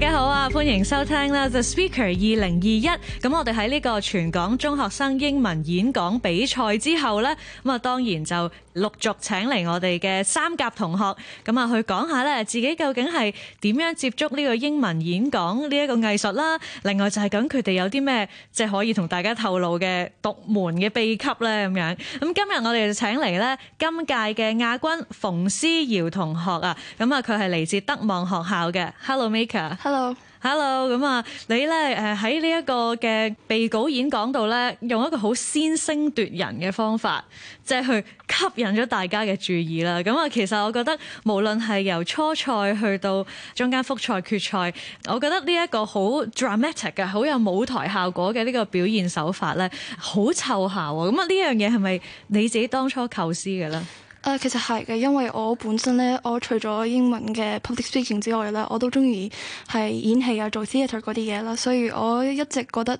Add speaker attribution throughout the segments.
Speaker 1: 大家好啊！歡迎收聽啦，The Speaker 二零二一。咁我哋喺呢個全港中學生英文演講比賽之後呢，咁啊，當然就。陸續請嚟我哋嘅三甲同學，咁啊去講下咧，自己究竟係點樣接觸呢個英文演講呢一個藝術啦。另外就係咁，佢哋有啲咩即係可以同大家透露嘅獨門嘅秘笈咧咁樣。咁今日我哋就請嚟咧今屆嘅亞軍馮斯瑤同學啊，咁啊佢係嚟自德望學校嘅。Hello，Maker。Hello。hello，咁啊，你咧誒喺呢一個嘅備稿演講度咧，用一個好先聲奪人嘅方法，即係去吸引咗大家嘅注意啦。咁啊，其實我覺得無論係由初賽去到中間復賽、決賽，我覺得呢一個好 dramatic 嘅、好有舞台效果嘅呢個表現手法咧，好湊效。咁啊，呢樣嘢係咪你自己當初構思嘅咧？
Speaker 2: 誒、uh, 其實係嘅，因為我本身咧，我除咗英文嘅 public speaking 之外咧，我都中意係演戲啊、做 theatre 嗰啲嘢啦，所以我一直覺得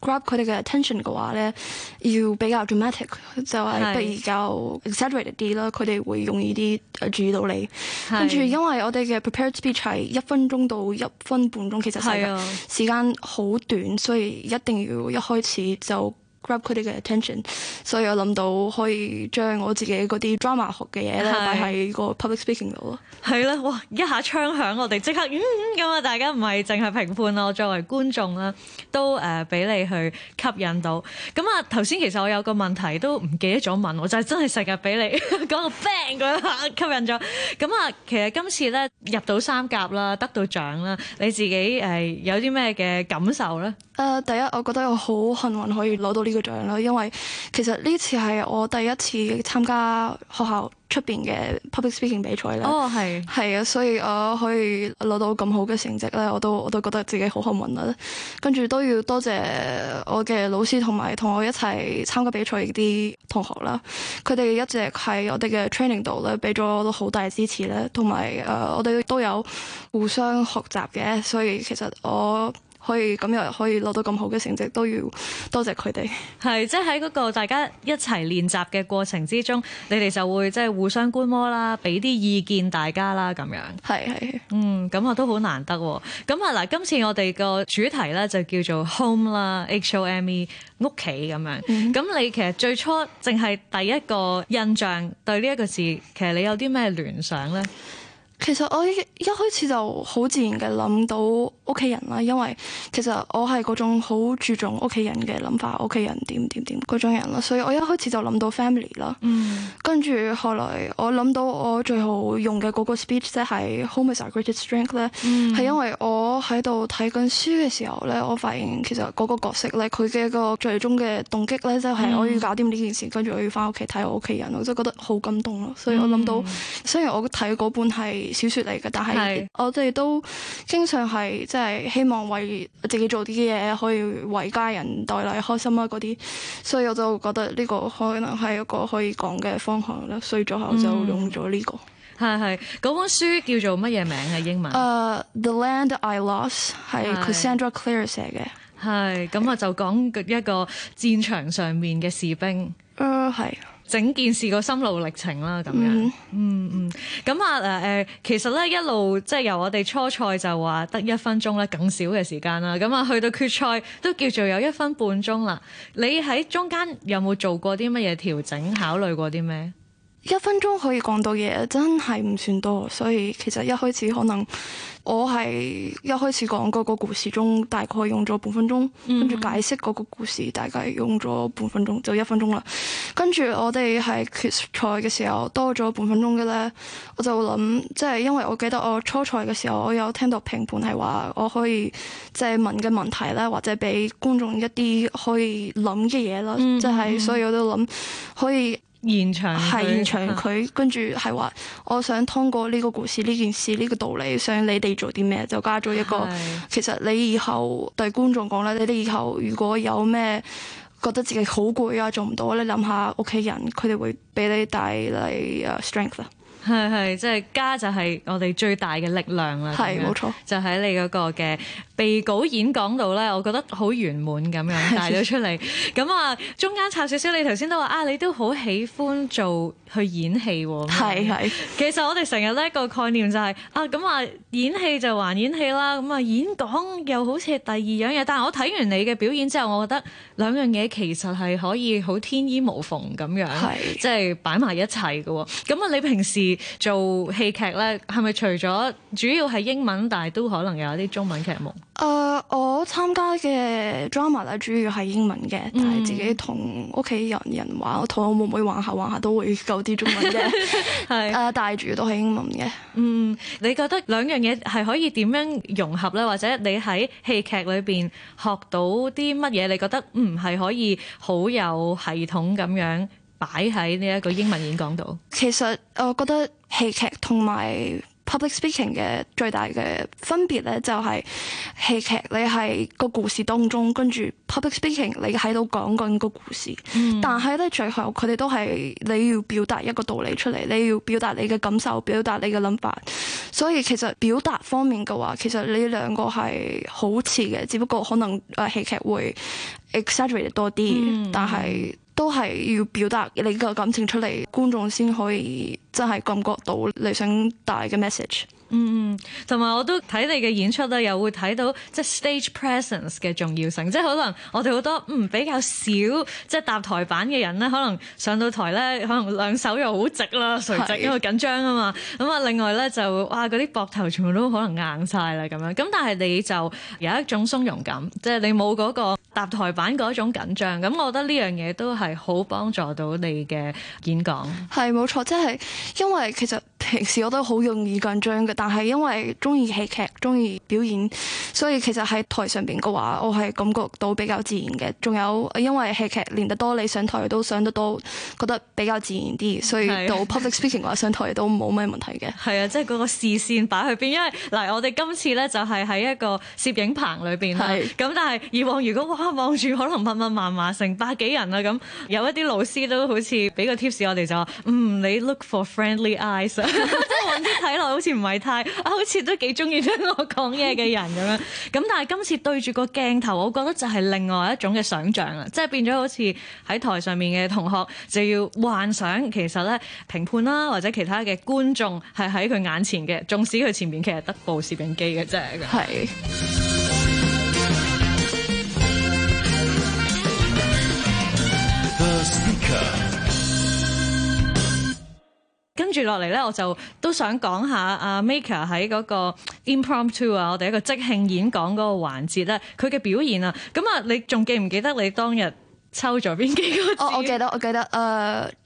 Speaker 2: grab 佢哋嘅 attention 嘅話咧，要比較 dramatic，就係比較 exaggerated 啲啦，佢哋是會容易啲注意到你。是跟住因為我哋嘅 prepared speech 係一分鐘到一分半鐘，其實時間時間好短，啊、所以一定要一開始就 grab 佢哋嘅 attention，所以我諗到可以將我自己嗰啲 drama 學嘅嘢咧擺喺個 public speaking 度咯。
Speaker 1: 係咧，哇！一下槍響我，我哋即刻嗯嗯咁啊，大家唔係淨係評判咯，作為觀眾啦，都誒俾、呃、你去吸引到。咁啊，頭先其實我有個問題都唔記得咗問我，就係真係成日俾你講個 bang 嗰一下吸引咗。咁啊，其實今次咧入到三甲啦，得到獎啦，你自己誒、呃、有啲咩嘅感受咧？誒、
Speaker 2: 呃，第一我覺得我好幸運可以攞到。呢個獎啦，因為其實呢次係我第一次參加學校出邊嘅 public speaking 比賽啦。哦，係。係啊，所以我可以攞到咁好嘅成績咧，我都我都覺得自己好幸運啦。跟住都要多謝我嘅老師同埋同我一齊參加比賽嘅啲同學啦。佢哋一直喺我哋嘅 training 度咧，俾咗好大支持咧，同埋誒我哋都有互相學習嘅。所以其實我，可以咁又可以攞到咁好嘅成績，都要多謝佢哋。
Speaker 1: 係即係喺嗰個大家一齊練習嘅過程之中，你哋就會即係互相觀摩啦，俾啲意見大家啦咁樣。係係。嗯，咁啊都好難得喎、啊。咁啊嗱，今次我哋個主題咧就叫做 home 啦，H O M E 屋企咁樣。咁、嗯、你其實最初淨係第一個印象對呢一個字，其實你有啲咩聯想咧？
Speaker 2: 其實我一一開始就好自然嘅諗到屋企人啦，因為其實我係嗰種好注重屋企人嘅諗法，屋企人點點點嗰種人啦，所以我一開始就諗到 family 啦。跟住，嗯、後來我諗到我最後用嘅嗰個 speech 即係 home is our greatest strength 咧，係、嗯、因為我喺度睇緊書嘅時候咧，我發現其實嗰個角色咧，佢嘅個最終嘅動機咧，即係我要搞掂呢件事，跟住我要翻屋企睇我屋企人，我真係覺得好感動咯。所以我諗到雖然我睇嗰本係。小說嚟嘅，但係我哋都經常係即係希望為自己做啲嘢，可以為家人帶來開心啊嗰啲，所以我就覺得呢個可能係一個可以講嘅方向啦。所以最後我就用咗呢個。
Speaker 1: 係係、嗯，嗰本書叫做乜嘢名啊？英文？誒，《The Land I Lost》係 Cassandra
Speaker 2: Clare 寫嘅。
Speaker 1: 係，咁我就講一個戰場上面嘅士兵。誒、uh，係。整件事個心路歷程啦，咁樣、mm hmm. 嗯，嗯嗯，咁啊誒，其實咧一路即係由我哋初賽就話得一分鐘咧，更少嘅時間啦，咁啊去到決賽都叫做有一分半鐘啦。你喺中間有冇做過啲乜嘢調整？考慮過啲咩？
Speaker 2: 一分鐘可以講到嘢，真係唔算多，所以其實一開始可能我係一開始講嗰個故事中，大概用咗半分鐘，mm hmm. 跟住解釋嗰個故事，大概用咗半分鐘，就一分鐘啦。跟住我哋喺決賽嘅時候多咗半分鐘嘅咧，我就諗，即係因為我記得我初賽嘅時候，我有聽到評判係話我可以即係問嘅問題咧，或者俾觀眾一啲可以諗嘅嘢啦，即係、mm hmm. 所以我都諗可以。現場係現場，佢 跟住係話，我想通過呢個故事、呢件事、呢個道理，想你哋做啲咩？就加咗一個，是其實你以後對觀眾講咧，你哋以後如果有咩覺得自己好攰啊，做唔到你諗下屋企人，佢哋會俾你帶嚟啊 strength 啊。
Speaker 1: 係係，即係家就係我哋最大嘅力量啦。係冇錯，就喺你嗰個嘅。備稿演講到咧，我覺得好圓滿咁樣帶咗出嚟。咁啊， 中間插少少，你頭先都話啊，你都好喜歡做去演戲喎、哦。係 其實我哋成日呢個概念就係、是、啊，咁啊演戲就還演戲啦，咁啊演講又好似第二樣嘢。但係我睇完你嘅表演之後，我覺得兩樣嘢其實係可以好天衣無縫咁樣， 即係擺埋一齊嘅、哦。咁啊，你平時做戲劇咧，係咪除咗主要係英文，但係都可能有啲中文劇目？
Speaker 2: 誒，uh, 我參加嘅 drama 咧，主要係英文嘅，嗯、但係自己同屋企人人玩，同我妹妹玩下玩下都會溝啲中文嘅，
Speaker 1: 係 是。誒，uh, 大主都係英文嘅。嗯，你覺得兩樣嘢係可以點樣融合咧？或者你喺戲劇裏邊學到啲乜嘢？你覺得唔係可以好有系統咁樣擺喺呢一個英文演講度？
Speaker 2: 其實我覺得戲劇同埋。public speaking 嘅最大嘅分別咧，就係、是、戲劇你喺個故事當中，跟住 public speaking 你喺度講緊個故事。嗯、但係咧，最後佢哋都係你要表達一個道理出嚟，你要表達你嘅感受，表達你嘅諗法。所以其實表達方面嘅話，其實你兩個係好似嘅，只不過可能誒、呃、戲劇會 exaggerate 多啲，嗯、但係。都係要表達你個感情出嚟，觀眾先可以真係感覺到你想帶嘅 message。
Speaker 1: 嗯嗯，同埋我都睇你嘅演出咧，又會睇到即係 stage presence 嘅重要性，即係可能我哋好多嗯比較少即係搭台板嘅人咧，可能上到台咧，可能兩手又好直啦，垂直因為緊張啊嘛。咁啊是，另外咧就哇嗰啲膊頭全部都可能硬晒啦咁樣。咁但係你就有一種鬆容感，即係你冇嗰個搭台板嗰種緊張。咁我覺得呢樣嘢都係好幫助到你嘅演講。
Speaker 2: 係冇錯，即係
Speaker 1: 因為其實。
Speaker 2: 平時我都好容易緊張嘅，但係因為中意戲劇、中意表演，所以其實喺台上邊嘅話，我係感覺到比較自然嘅。仲有因為戲劇練得多你，你上台都上得多，覺得比較自然啲，所以到 public speaking 嘅話，上 台都冇咩
Speaker 1: 問題嘅。係 啊，即係嗰個視線擺去邊？因為嗱，我哋今次呢就係喺一個攝影棚裏邊啦。咁是、嗯、但係以往如果哇望住可能密密麻麻成百幾人啊，咁有一啲老師都好似俾個 tips 我哋就話：嗯，你 look for friendly eyes。 即係啲睇落好似唔係太啊，好似都幾中意聽我講嘢嘅人咁樣。咁 但係今次對住個鏡頭，我覺得就係另外一種嘅想像啦。即係變咗好似喺台上面嘅同學就要幻想，其實呢評判啦或者其他嘅觀眾係喺佢眼前嘅，縱使佢前面其實得部攝影機嘅啫。係。 跟住落嚟咧，我就都想講下阿 Maker 喺嗰個 impromptu 啊，我哋一個即興演講嗰個環節咧，佢嘅表現啊。咁啊，你仲記唔記得你當日抽咗邊幾個字？哦，我記
Speaker 2: 得，我記得。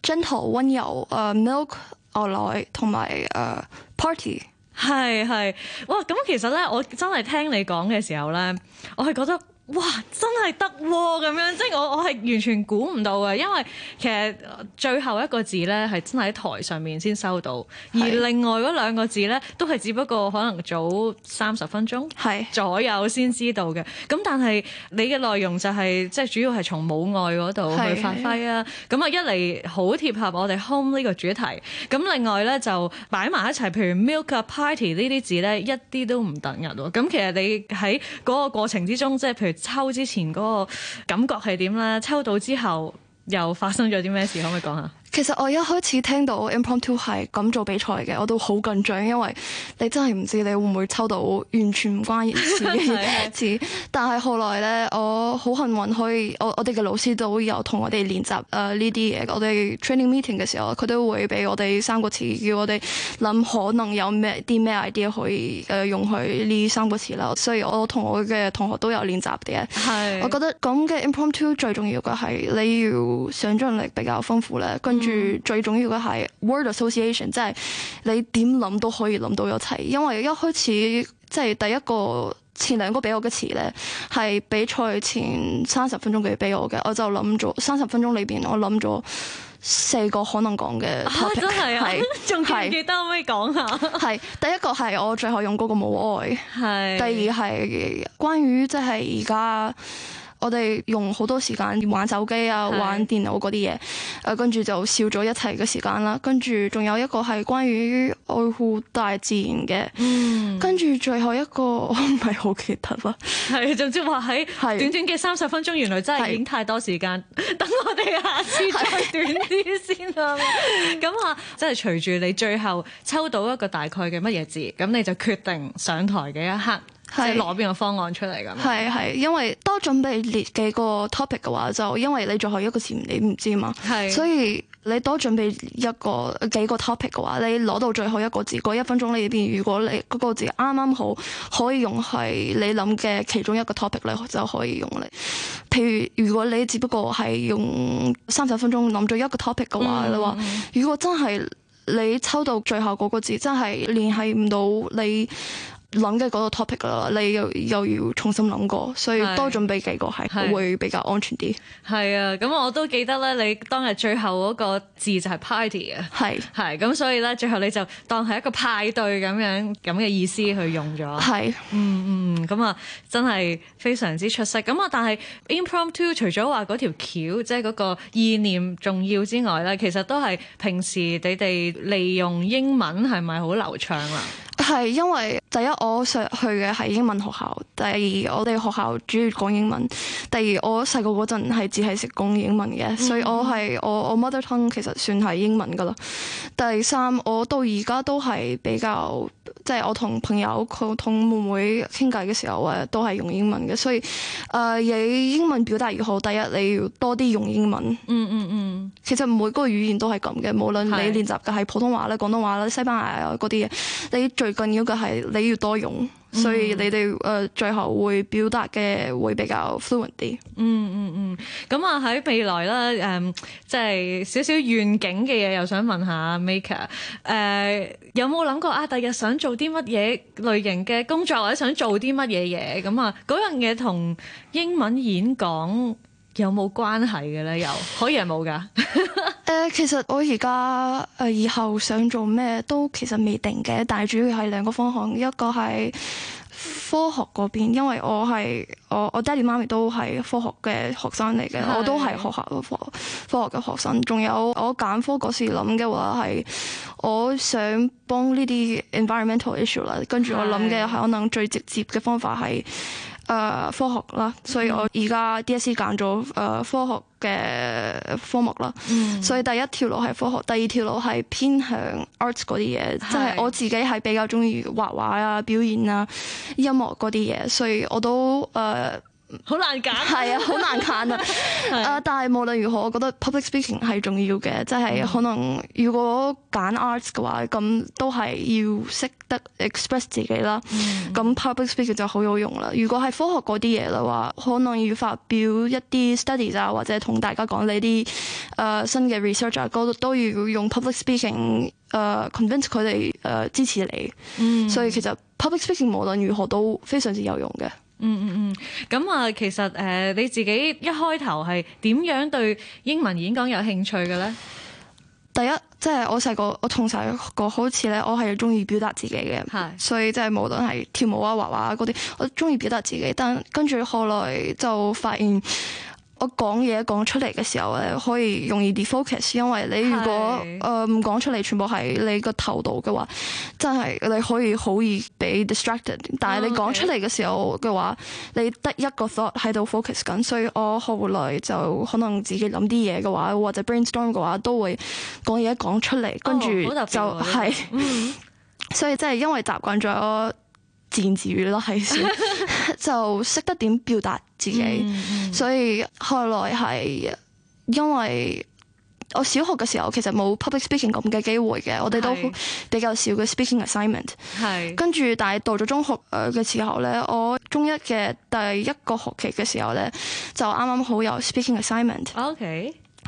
Speaker 2: 誒、uh,，gentle 温柔、uh, uh,，誒，milk alloy 同埋
Speaker 1: 誒，party。係係，哇！咁其實咧，我真係聽你講嘅時候咧，我係覺得。哇！真係得喎咁樣，即係我我係完全估唔到嘅，因為其實最後一個字咧係真係喺台上面先收到，是而另外嗰兩個字咧都係只不過可能早三十分鐘左右先知道嘅。咁是但係你嘅內容就係、是、即係主要係從母愛嗰度去發揮啊。咁啊是一嚟好貼合我哋 home 呢個主題，咁另外咧就擺埋一齊，譬如 milk party 呢啲字咧一啲都唔突人突兀喎。咁其實你喺嗰個過程之中，即係譬如。抽之前嗰個感覺係點咧？抽到之後又發生咗啲咩事？可唔可以講下？
Speaker 2: 其實我一開始聽到 impromptu 係咁做比賽嘅，我都好緊張，因為你真係唔知你會唔會抽到，完全唔關事嘅事。 但係後來咧，我好幸運可以，我我哋嘅老師都有同我哋練習誒呢啲嘢。我哋 training meeting 嘅時候，佢都會俾我哋三個詞，叫我哋諗可能有咩啲咩 idea 可以誒、呃、用喺呢三個詞啦。所以我同我嘅同學都有練習嘅。係是，我覺得咁嘅 impromptu 最重要嘅係你要想象力比較豐富咧。住、嗯、最重要嘅係 word association，即係你點諗都可以諗到一齊。因為一開始即係、就是、第一個前兩個俾我嘅詞咧，係比賽前三十分鐘佢俾我嘅，我就諗咗三十分鐘裏邊，我諗咗四個可能講嘅、啊。真係啊，
Speaker 1: 仲是記唔記得？可唔可
Speaker 2: 以講下？係第一個係我最後用嗰個冇愛。係是。第二係關於即係而家。我哋用好多時間玩手機啊，是玩電腦嗰啲嘢，誒、呃、跟住就少咗一齊嘅時間啦。跟住仲有一個係關於愛護大自然嘅，嗯、跟住最後一個我唔係好記得啊。
Speaker 1: 係總之話喺短短嘅三十分鐘，是原來真係影太多時間。是 等我哋下次再短啲先啦。咁啊， 即係隨住你最後抽到一個大概嘅乜嘢字，咁你就決定上台嘅一刻？即係攞邊個方案出嚟咁。係係，
Speaker 2: 因為多準備列幾個 topic 嘅話，就因為你最後一個字你唔知嘛，是所以你多準備一個幾個 topic 嘅話，你攞到最後一個字嗰一分鐘裏邊，如果你嗰個字啱啱好可以用係你諗嘅其中一個 topic 咧，你就可以用嚟。譬如如果你只不過係用三十分鐘諗咗一個 topic 嘅話你，嗯、話，如果真係你抽到最後嗰個字真係聯繫唔到你。諗嘅嗰個 topic 啦，你又又要重新諗過，所以多準備幾個係是會比較安全啲。
Speaker 1: 係啊，咁我都記得咧，你當日最後嗰個字就係 party 啊是，係係，咁所以咧最後你就當係一個派對咁樣咁嘅意思去用咗。係是、嗯，嗯嗯，咁啊真係非常之出色。咁啊，但係 impromptu 除咗話嗰條橋即係嗰個意念重要之外咧，其實都係平時你哋利用英文係咪好流暢啦？
Speaker 2: 係因為第一，我上去嘅係英文學校，第二，我哋學校主要講英文，第二，我細個嗰陣係只係識講英文嘅，嗯、所以我係我我 mother tongue 其實算係英文㗎喇。第三，我到而家都係比較。即係我同朋友同妹妹傾偈嘅時候啊，都係用英文嘅，所以誒，你、呃、英文表達越好，第一你要多啲用英文。嗯嗯嗯。
Speaker 3: 嗯嗯
Speaker 2: 其實每個語言都係咁嘅，無論你練習嘅係普通話咧、廣東話咧、西班牙啊嗰啲嘢，你最緊要嘅係你要多用。所以你哋誒、嗯呃、最後會表達嘅會比較 fluent 啲、嗯。嗯嗯
Speaker 1: 嗯，咁啊喺未來啦，誒、呃，即係少少願景嘅嘢，又想問下 Maker 誒、呃，有冇諗過啊？第日想做啲乜嘢類型嘅工作，或者想做啲乜嘢嘢？咁啊，嗰樣嘢同英文演講，有冇關係嘅咧？有可以係冇㗎。誒 、
Speaker 2: 呃，其實我而家誒以後想做咩都其實未定嘅，但係主要係兩個方向，一個係科學嗰邊，因為我係我我爹哋媽咪都係科學嘅學生嚟嘅，的我都係學校科科學嘅學生。仲有我揀科嗰時諗嘅話係，我想幫呢啲 environmental issue 啦，跟住我諗嘅可能最直接嘅方法係。的誒、呃、科學啦，所以我而家 DSE 揀咗誒科學嘅科目啦，嗯、所以第一條路係科學，第二條路係偏向 arts 嗰啲嘢，即係是我自己係比較中意畫畫啊、表演啊、音樂嗰啲嘢，所以我都誒。呃好難揀係 啊，好難揀啊！ 是啊，但係無論如何，我覺得 public speaking 係重要嘅，即係可能如果揀 arts 嘅話，咁都係要識得 express 自己啦。咁 public speaking 就好有用啦。如果係科學嗰啲嘢嘅話，可能要發表一啲 studies 啊，或者同大家講呢啲誒新嘅 research 啊，嗰都都要用 public speaking 誒、呃、convince 佢哋誒支持你。嗯、所以其實 public speaking 無論如何都非常之有用嘅。
Speaker 1: 嗯嗯嗯，咁啊，其實誒，你自己一開頭係點樣對英文演講有興趣嘅咧？
Speaker 2: 第一，即係我細個，我從細個好似咧，我係中意表達自己嘅，係的，所以即係無論係跳舞啊、畫畫啊嗰啲，我中意表達自己。但跟住後來就發現。我講嘢講出嚟嘅時候咧，可以容易啲 focus，因為你如果誒唔講出嚟，全部喺你個頭度嘅話，真係你可以好易俾 distracted。但係你講出嚟嘅時候嘅話，嗯 okay. 你得一個 thought 喺度 focus 緊，所以我後來就可能自己諗啲嘢嘅話，或者 brainstorm 嘅話，都會講嘢講出嚟，跟住、哦、就係、是，所以真係因為習慣咗。漸至於啦，係先 就識得點表達自己，mm hmm. 所以後來係因為我小學嘅時候，其實冇 public speaking 咁嘅機會嘅，是我哋都比較少嘅 speaking assignment。係是跟住，但係到咗中學誒嘅時候咧，我中一嘅第一個學期嘅時候咧，就啱啱好有 speaking assignment。o、okay. k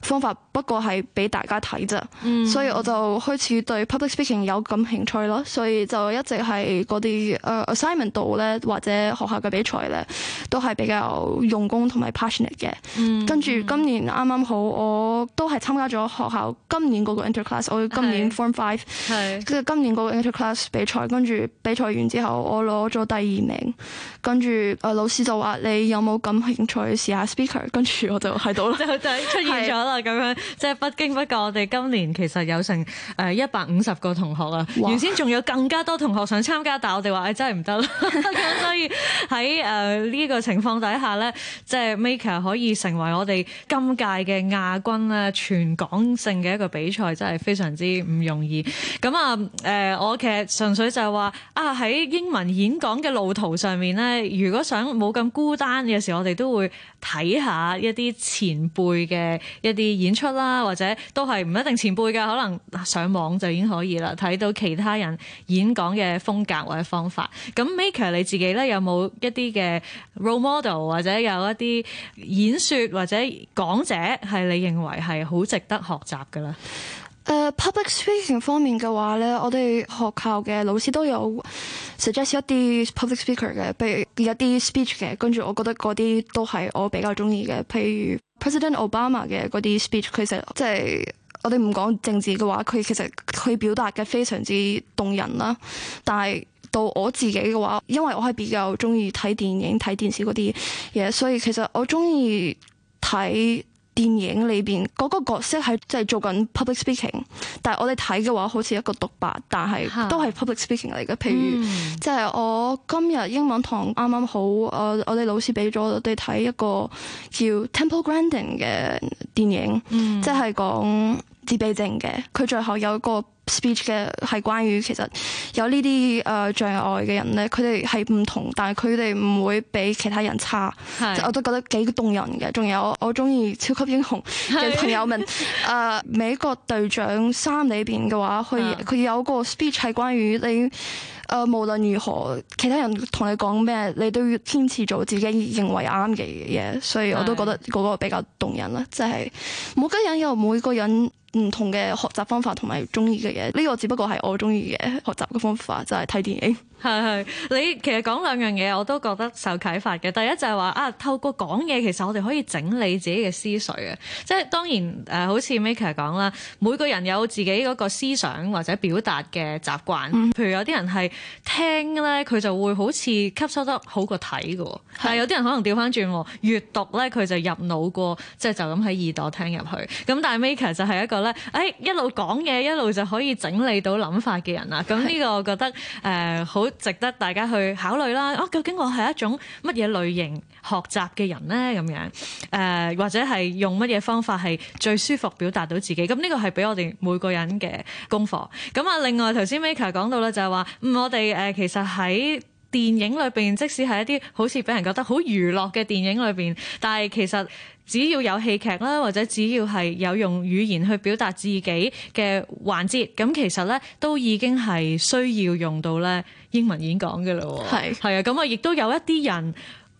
Speaker 2: 方法不過係俾大家睇啫，mm. 所以我就開始對 public speaking 有感興趣囉。所以就一直係嗰啲誒 assignment 度咧，或者學校嘅比賽咧，都係比較用功同埋 passionate 嘅。Mm. 跟住今年啱啱好，我都係參加咗學校今年嗰個 interclass。我今年 form five，跟住今年嗰個 interclass 比賽，跟住比賽完之後，我攞咗第二名。跟住，誒、呃、老師就話，你有冇感興趣試下 speaker？跟住我就喺度啦，就 就出現咗啦
Speaker 1: 咁樣，即係不經不覺我哋今年其實有成誒一百五十個同學啊。哇原先仲有更加多同學想參加，但係我哋話誒真係唔得啦。咁 所以喺誒呢個情況底下咧，即係 Maker 可以成為我哋今屆嘅亞軍咧，全港性嘅一個比賽真係非常之唔容易。咁啊誒我其實純粹就係話啊，喺英文演講嘅路途上面咧，如果想冇咁孤單嘅時候，我哋都會睇下一啲前輩嘅一啲演出啦，或者都係唔一定前輩嘅，可能上網就已經可以啦，睇到其他人演講嘅風格或者方法。咁 Maker 你自己呢？有冇一啲嘅 role model 或者有一啲演説或者講者係你認為係好值得學習嘅咧？
Speaker 2: 誒，uh，public speaking 方面嘅話呢，我哋學校嘅老師都有。suggest 一啲 public speaker 嘅，譬如一啲 speech 嘅，跟住我覺得嗰啲都係我比較中意嘅，譬如 President Obama 嘅嗰啲 speech，佢就即係我哋唔講政治嘅話，佢其實佢表達嘅非常之動人啦。但係到我自己嘅話，因為我係比較中意睇電影、睇電視嗰啲嘢，所以其實我中意睇。電影裏邊嗰個角色係即係做緊 public speaking，但係我哋睇嘅話好似一個獨白，但係都係 public speaking 嚟嘅。譬如即係、嗯、我今日英文堂啱啱好，我我哋老師俾咗我哋睇一個叫 Temple Grandin 嘅電影，即係、嗯、講自閉症嘅，佢最後有一個 speech 嘅係關於其實有、呃、呢啲誒障礙嘅人咧，佢哋係唔同，但係佢哋唔會比其他人差，是我都覺得幾動人嘅。仲有我中意超級英雄嘅朋友們，誒是、 呃，美國隊長三裏邊嘅話，佢佢、嗯、有個 speech 係關於你誒、呃，無論如何其他人同你講咩，你都要堅持做自己認為啱嘅嘢，所以我都覺得嗰個比較動人啦。即係是、就是、每個人有每個人。唔同嘅學習方法同埋中意嘅嘢，呢、這個只不過係我中意嘅學習嘅方法，就係、是、睇電影。
Speaker 1: 係係，你其實講兩樣嘢我都覺得受啟發嘅。第一就係、是、話啊，透過講嘢，其實我哋可以整理自己嘅思緒嘅。即係當然誒、呃，好似 Maker 講啦，每個人有自己嗰個思想或者表達嘅習慣。嗯、譬如有啲人係聽咧，佢就會好似吸收得好過睇嘅。係的。但有啲人可能調翻轉喎，閱讀咧佢就入腦過，即係就咁喺耳朵聽入去。咁但係 Maker 就係一個咧，誒、哎、一路講嘢一路就可以整理到諗法嘅人啦。咁呢的個我覺得誒好。呃值得大家去考慮啦。啊，究竟我係一種乜嘢類型學習嘅人呢？咁樣誒、呃，或者係用乜嘢方法係最舒服表達到自己？咁呢個係俾我哋每個人嘅功課。咁啊，另外頭先 Mika 講到咧，就係話我哋誒、呃、其實喺電影裏邊，即使係一啲好似俾人覺得好娛樂嘅電影裏邊，但係其實只要有戲劇啦，或者只要係有用語言去表達自己嘅環節，咁其實咧都已經係需要用到咧。英文演講嘅咯，係係啊，咁啊，亦都有一啲人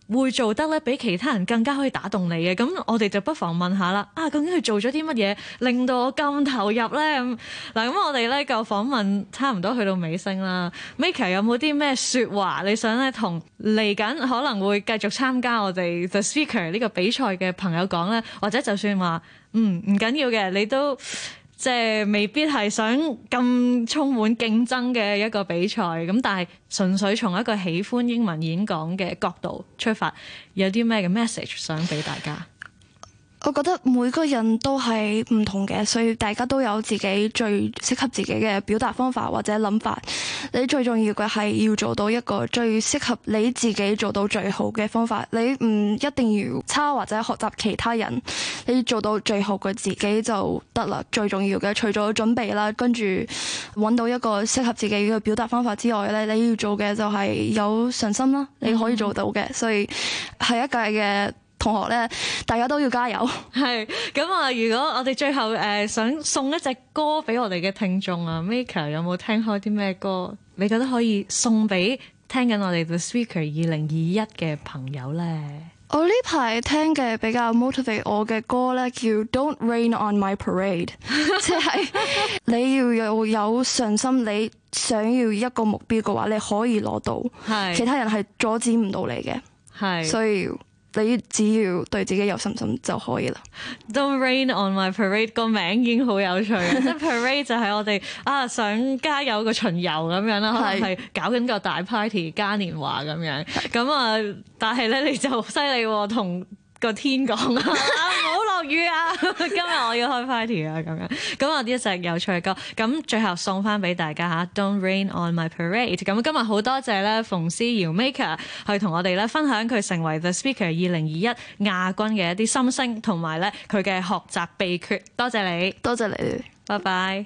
Speaker 1: 會做得咧，比其他人更加可以打動你嘅。咁我哋就不妨問下啦，啊，究竟佢做咗啲乜嘢令到我咁投入咧？嗱、嗯，咁我哋咧就訪問差唔多去到尾聲啦。Mika 有冇啲咩説話你想咧同嚟緊可能會繼續參加我哋 The Speaker 呢個比賽嘅朋友講咧？或者就算話嗯唔緊要嘅，你都。即係未必係想咁充滿競爭嘅一個比賽，咁但係純粹從一個喜歡英文演講嘅角度出發，有啲咩嘅 message 想俾大家？
Speaker 2: 我覺得每個人都係唔同嘅，所以大家都有自己最適合自己嘅表達方法或者諗法。你最重要嘅係要做到一個最適合你自己做到最好嘅方法。你唔一定要抄或者學習其他人，你做到最好嘅自己就得啦。最重要嘅除咗準備啦，跟住揾到一個適合自己嘅表達方法之外呢，你要做嘅就係有信心啦，你可以做到嘅。所以係一屆嘅。同學咧，大家都要加油。
Speaker 1: 係咁啊！如果我哋最後誒、呃、想送一隻歌俾我哋嘅聽眾啊，Mika 有冇聽開啲咩歌？你覺得可以送俾聽緊我哋 The Speaker 二零二一嘅朋友咧？
Speaker 2: 我呢排聽嘅比較 motivate 我嘅歌咧，叫 Don't Rain On My Parade， 即係你要有有信心，你想要一個目標嘅話，你可以攞到，係其他人係阻止唔到你嘅，係所以。你只要對自己有信心就可以啦。
Speaker 1: Don't rain on my parade 個名已經好有趣， 即係 parade 就係我哋啊想加有個巡遊咁樣啦， 可能係搞緊個大 party 嘉年華咁樣。咁 啊，但係咧你就好犀利喎，同個天講。 啊， 今日我要開 party 啊，咁樣，咁我呢一隻有趣嘅歌，咁最後送翻俾大家嚇。Don't rain on my parade。咁今日好多謝咧馮斯瑤 Maker 去同我哋咧分享佢成為 The Speaker 二零二一亞軍嘅一啲心聲，同埋咧佢嘅學習秘訣。多謝你，多謝你，拜拜。